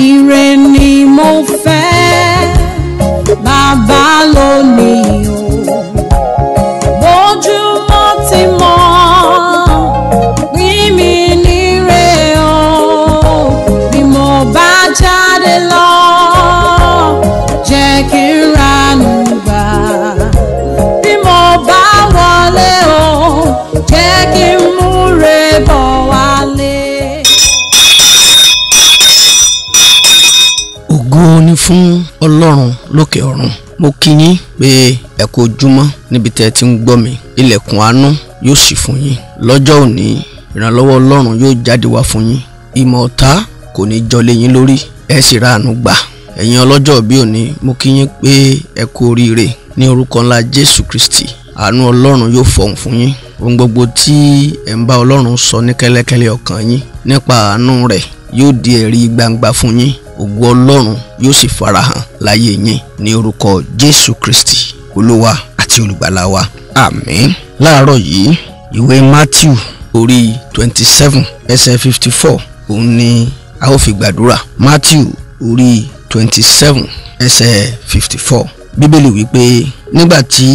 Ire ni mo fẹ́ bàbá lónìí o. Bójúmọ́ ti mọ́ pín mi níre o. Bí mo bá jáde lọ. ni fún ọlọ́run lókè ọ̀run mo kí yín pé ẹ kú ojúmọ́ níbi tẹ́ ẹ ti ń gbọ́ mi ilẹ̀kùn àánú yóò ṣí fún yín lọ́jọ́ òní ìrànlọ́wọ́ ọlọ́run yóò jáde wá fún yín ìmọ̀ ọ̀tá kò ní jọlé yín lórí ẹ sì ra àánú gbà ẹ̀yin ọlọ́jọ́ bí òní mo kí yín pé ẹ oríire ní orúkọ ńlá Jésù Kristi àánú ọlọ́run yóò fọ̀hún fún yín ohun gbogbo tí ẹ̀ ń bá ọlọ́run sọ ní kẹ́lẹ́kẹ́lẹ́ ọkàn yín nípa àánú rẹ̀ yóò di ẹ̀rí gbangba fún yín ògo ọlọ́run yóò sì farahàn láyé yín ní orúkọ jésù kristi olúwa àti olùgbàlà wa àmín láàárọ̀ yìí ìwé matthew orí twenty seven ẹsẹ̀ fifty four òun ni a ó fi gbàdúrà matthew orí twenty seven ẹsẹ̀ fifty four bíbélì wípé nígbà tí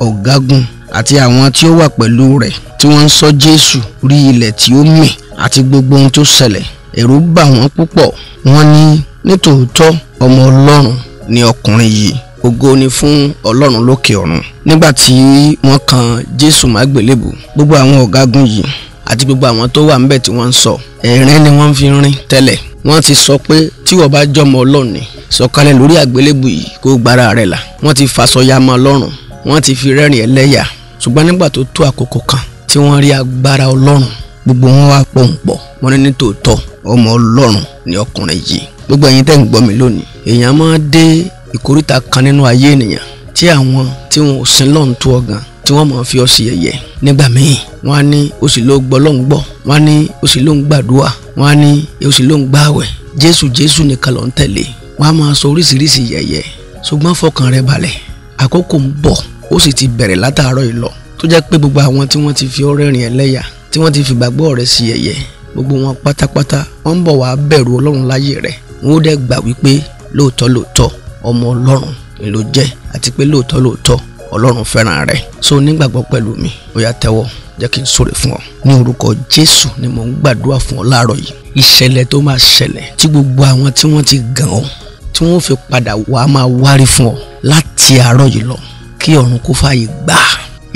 ọ̀gágun àti àwọn tí ó wà pẹ̀lú rẹ̀ tí wọ́n ń sọ jésù rí ilẹ̀ tí ó mì àti gbogbo ohun tó ṣẹlẹ̀ ẹ̀rù bà wọ́n púpọ̀ wọ́n ní nítòótọ́ ọmọ ọlọ́run ni ọkùnrin yìí ògo ni fún ọlọ́run lókè ọ̀run nígbà tí wọ́n kan jésù mágbélébù gbogbo àwọn ọ̀gágun yìí àti gbogbo àwọn tó wà ńbẹ̀ tí wọ́n ń sọ ẹ̀rín ni wọ́n fi rin tẹ́lẹ̀ wọ́n ti sọ pé tí wọ́n bá jọmọ ọlọ́run ni sọ̀kalẹ̀ lórí àgbélébù yìí kó gbára rẹ̀ là wọ́n ti fasọya mọ́ ọlọ́run wọ́n ti fi rẹ́rìn ẹlẹ́yà ṣùgbọ́n nígbà tó tó àkókò kan tí wọ́n rí agbára ọlọ́run gbogbo wọn wá pòǹpọ̀ wọ́n ní nítòótọ́ ọmọ ọlọ́run ni ọkùnrin yìí gbogbo ẹ̀yin tẹ́ ń gbọ́ mi lónìí èèyàn máa dé ìkóríta kan nínú ayé ènìyàn tí àwọn tí wọn ò sin lọ́run tó ọ̀gàn tí wọ́n máa fi ọ́ sí yẹ̀yẹ́ nígbà míì wọ́n á ní o sì ló gbọ́ lọ́n gbọ́ wọ́n á ní o sì ló ń gbàdúrà wọ́n á ní o sì ló ń gbààwẹ̀ jésù jésù nìkan ló ń tẹ̀lé wọ́n á máa sọ oríṣiríṣi yẹ̀yẹ́ ṣùgbọ́n fọkàn rẹ balẹ̀ àkókò ń bọ̀ ó sì ti bẹ̀rẹ̀ látàárọ̀ yìí lọ tó jẹ́ pé gbogbo àwọn tí wọ́n ti fi ọ́ rẹ́rìn ẹlẹ́yà tí wọ́n ti fi gbàgbọ́ rẹ sí yẹ̀yẹ́ gbogbo wọn pátápátá wọ́n ń bọ̀ wá bẹ̀rù ọlọ́run láyé rẹ̀ wọ́n dẹ̀ gbà wípé lóòótọ́ lóòótọ́ ọmọ ọlọ́run ni ló jẹ́ àti pé lóòótọ́ lóòótọ́ ọlọ́run fẹ́ràn rẹ̀ so nígbàgbọ́ pẹ̀lú mi ó yá tẹ́wọ́ jẹ́ kí n súre fún ọ ní orúkọ jésù ni mò ń gbàdúrà fún ọ láàárọ̀ yìí ìṣẹ̀lẹ̀ tó máa ṣẹlẹ̀ tí gbogbo àwọn tí wọ́n ti gàn ọ́ tí wọ́n fi padà wá máa wárí fún ọ láti àárọ̀ yìí lọ kí ọ̀run kó fààyè gbà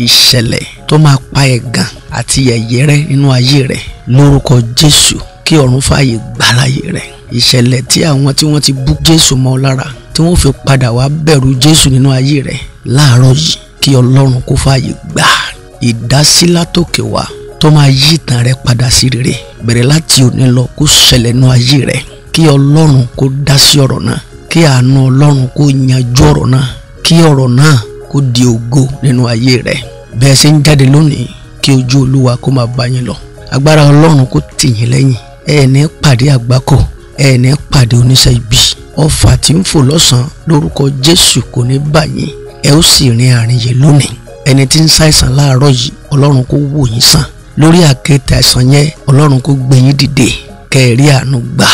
ìṣẹ̀lẹ̀ tó máa pa ẹ̀gàn àti yẹ̀yẹ́ nínú ayé rẹ lórúkọ jésù kí ọ̀run fààyè gbà láyé rẹ ìṣẹ̀lẹ̀ tí àwọn tí wọ́n ti bú Jésù mọ́ lára tí wọ́n fi padà wá bẹ̀rù Jésù nínú ayé rẹ̀ láàárọ̀ yìí kí Ọlọ́run kó fààyè gbà ìdásí látòkè wá tó máa yí ìtàn rẹ padà sí rere bẹ̀rẹ̀ láti òní lọ kó ṣẹlẹ̀ nínú ayé rẹ kí Ọlọ́run kó dá sí ọ̀rọ̀ náà kí àánú Ọlọ́run kó yanjú ọ̀rọ̀ náà kí ọ̀rọ̀ náà kó di ògo nínú ayé rẹ bẹ́ẹ̀ ṣe ń jáde lónìí kí ojú Olúwa kó máa bá yín lọ agbára Ọlọ́run kó tì yín lẹ́yìn ẹ ní pàdé àgbákò ẹ̀ẹ́nì pàdé oníṣẹ́ ibi ọfà tí ń fò lọ́sàn-án lórúkọ Jésù kò ní bà yín ẹ ó sì rin àárín yìí lónìí ẹni tí ń ṣàìsàn láàárọ̀ yìí Ọlọ́run kó wò yín sàn lórí àkéte àìsàn yẹn Ọlọ́run kó gbé yín dìde kẹ́ ẹ rí àánú gbà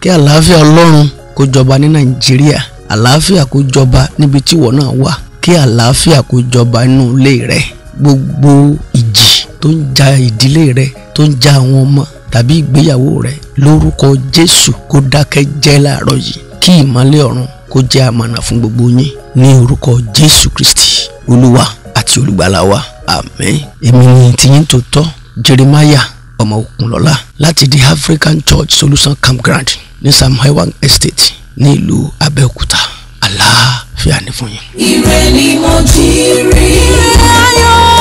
kí àlàáfíà Ọlọ́run kó jọba ní Nàìjíríà àlàáfíà kó jọba níbi tí ìwọ náà wà kí àlàáfíà kó jọba inú ilé rẹ gbogbo ìjì tó ń ja ìdílé rẹ tó ń ja àwọn ọmọ tàbí ìgbéyàwó rẹ lórúkọ Jésù kó dákẹ́ jẹ́ láàárọ̀ yìí kí ìmọ́lẹ̀ ọ̀run kó jẹ́ àmànà fún gbogbo yín ní orúkọ Jésù Kristi Olúwa àti Olùgbàlà wa àmín èmi ni tiyín tó tọ́ Jeremiah ọmọ Òkunlọ́lá láti the African Church Solution Campground ní Sam Hewan Estate ní ìlú Abẹ́òkúta àlàáfíà ní fún yín. ire ni rí ayọ̀.